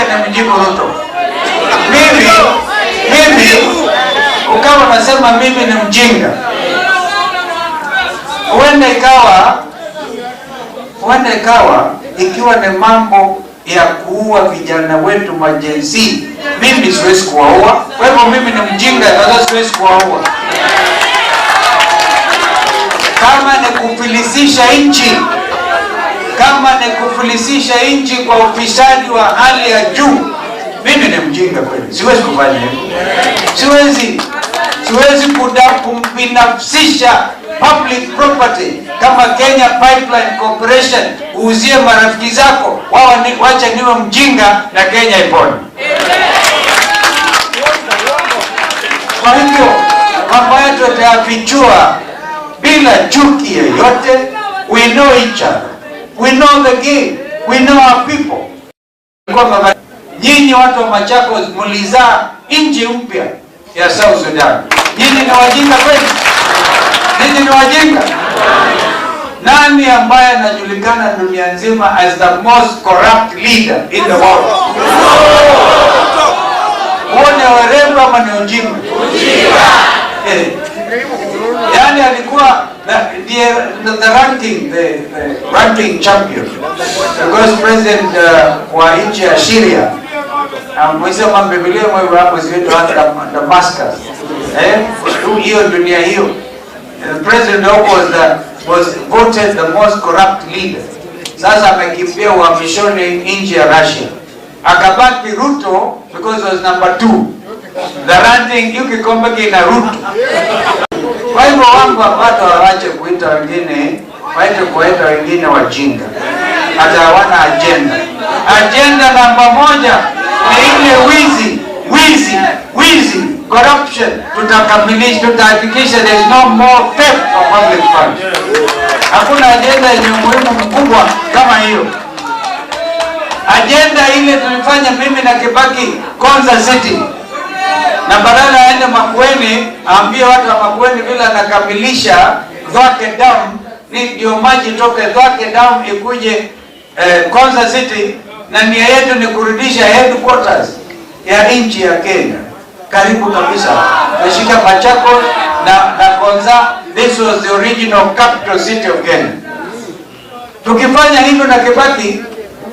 Samia amemjibu Ruto. Mimi mimi ukawa unasema mimi ni mjinga, huenda ikawa huenda ikawa ikiwa ni mambo ya kuua vijana wetu majenzi, mimi siwezi kuwaua. Kwa hivyo mimi ni mjinga, aa, siwezi kuwaua. Kama ni kufilisisha nchi kama ni kufilisisha nchi kwa ufisadi wa hali ya juu, mimi ni mjinga kweli, siwezi kufanya hivyo, siwezi siwezi kubinafsisha public property kama Kenya Pipeline Corporation uuzie marafiki zako wao, ni wacha niwe mjinga na Kenya ipone. Kwa hivyo mambo yetu tutayafichua bila chuki yoyote, we know each other We know the game. We know our people. Kwamba nyinyi watu wa Machakos mlizaa nchi mpya ya South Sudan. Nyinyi ni wajinga kweli? Nyinyi ni wajinga? Nani ambaye anajulikana dunia nzima as the most corrupt leader in the world? Huo ni weremba ama ni ujinga? ndiye the ranking the, the ranking champion because president uh, wa nchi ya Syria amweza ah, um, kwamba Biblia mwewe hapo ziwetu hata Damascus eh hiyo dunia hiyo the president huko was the, was voted the most corrupt leader sasa amekimbia uhamishoni nchi ya Russia akabaki Ruto because was number 2 the ranking hiyo kikombe kina Ruto kwa hivyo wangu wapata waache kuita wengine, waite kuwaita wengine wajinga, hata hawana ajenda. Ajenda namba moja ni ile wizi, wizi, wizi, corruption. Tutakamilisha, tutahakikisha there is no more theft for public funds. Hakuna ajenda yenye umuhimu mkubwa kama hiyo. Ajenda ile tulifanya mimi na Kibaki Konza City na badala aende Makueni aambie watu wa Makueni vile anakamilisha zake damu ni ndio maji toke zake Dam ikuje eh, Konza City, na nia yetu ni kurudisha headquarters ya nchi ya Kenya karibu kabisa, nashika machako na, na Konza. This was the original capital city of Kenya. Tukifanya hivyo na Kibaki,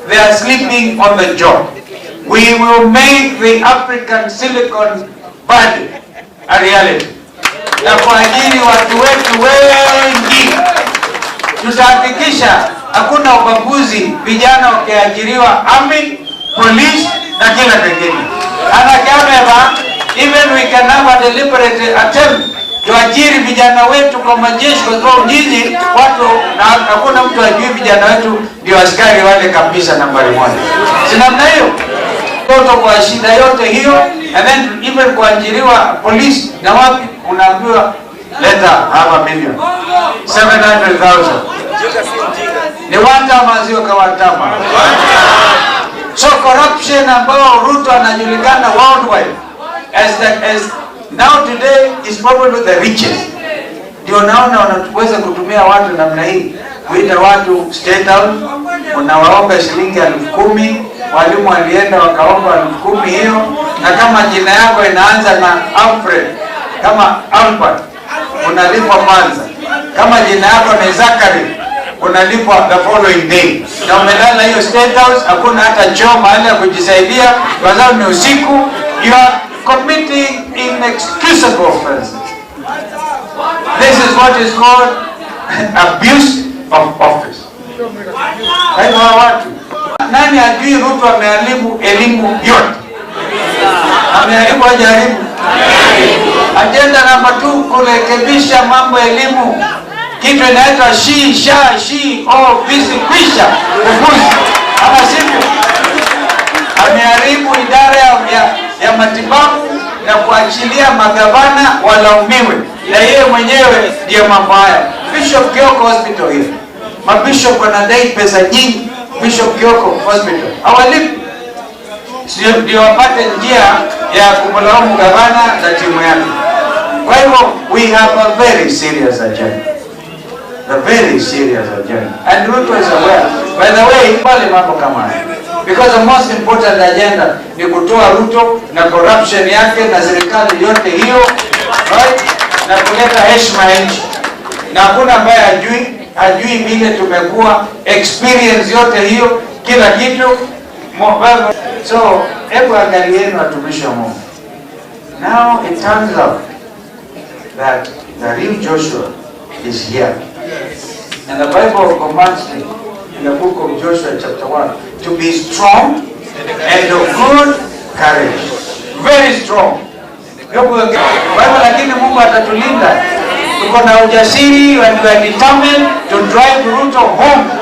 they are sleeping on the job we will make the African Silicon Valley a reality na kwa ajili watu wetu wengi. Tutahakikisha hakuna ubaguzi, vijana wakiajiriwa army, police na kila kingine. Ana kama even we can have a deliberate attempt tuajiri vijana wetu kwa majeshi, kwa sababu nyinyi watu na hakuna mtu ajui vijana wetu ndio askari wale kabisa nambari moja, si namna hiyo? mtoto kwa shida yote hiyo, and then even kuajiriwa polisi na wapi, unaambiwa leta hapa milioni 700,000 ni watama, kwa kawatama. So corruption ambao Ruto anajulikana worldwide as the, as now today is probably the richest. Ndio naona wanaweza kutumia watu namna hii, kuita watu state house, unawaomba shilingi elfu kumi Walimu walienda wakaomba elfu hiyo, na kama jina yako inaanza na Alfred kama Albert unalipwa kwanza, kama jina yako ni Zakari unalipwa the following day, na umelala hiyo State House, hakuna hata choo mahali ya kujisaidia kwa sababu ni usiku. You are committing inexcusable offenses. This is what is called abuse of office. Kwa hivyo watu nani ajui Ruto ameharibu elimu yote? Ameharibu ajaribu Ajenda namba tu kurekebisha mambo ya elimu, kitu inaitwa shi sha shi o visi kwisha kufuzi ama siku. Ameharibu idara ya, ya matibabu na kuachilia magavana walaumiwe, na yeye mwenyewe ndiyo mambo haya. Bishop Kioko Hospital hiyo, mabishop wanadai pesa nyingi Bishop Kioko Hospital hawalipi, sio ndio wapate njia ya kumlaumu gavana na timu yake. Kwa hivyo we have a very serious agenda, a very serious agenda and Ruto is aware. By the way, pale mambo kama haya because the most important agenda ni kutoa Ruto na corruption yake na serikali yote hiyo right, na kuleta heshima ya nchi na hakuna ambaye ajui hajui vile tumekuwa experience yote hiyo kila kitu mobile. So hebu angalieni watumishi wa Mungu. Now it turns out that the real Joshua is here. Yes. And the Bible commands me in the book of Joshua chapter 1 to be strong and of good courage. Very strong. Bible, lakini Mungu atatulinda tuko na ujasiri and we are determined to drive Ruto home.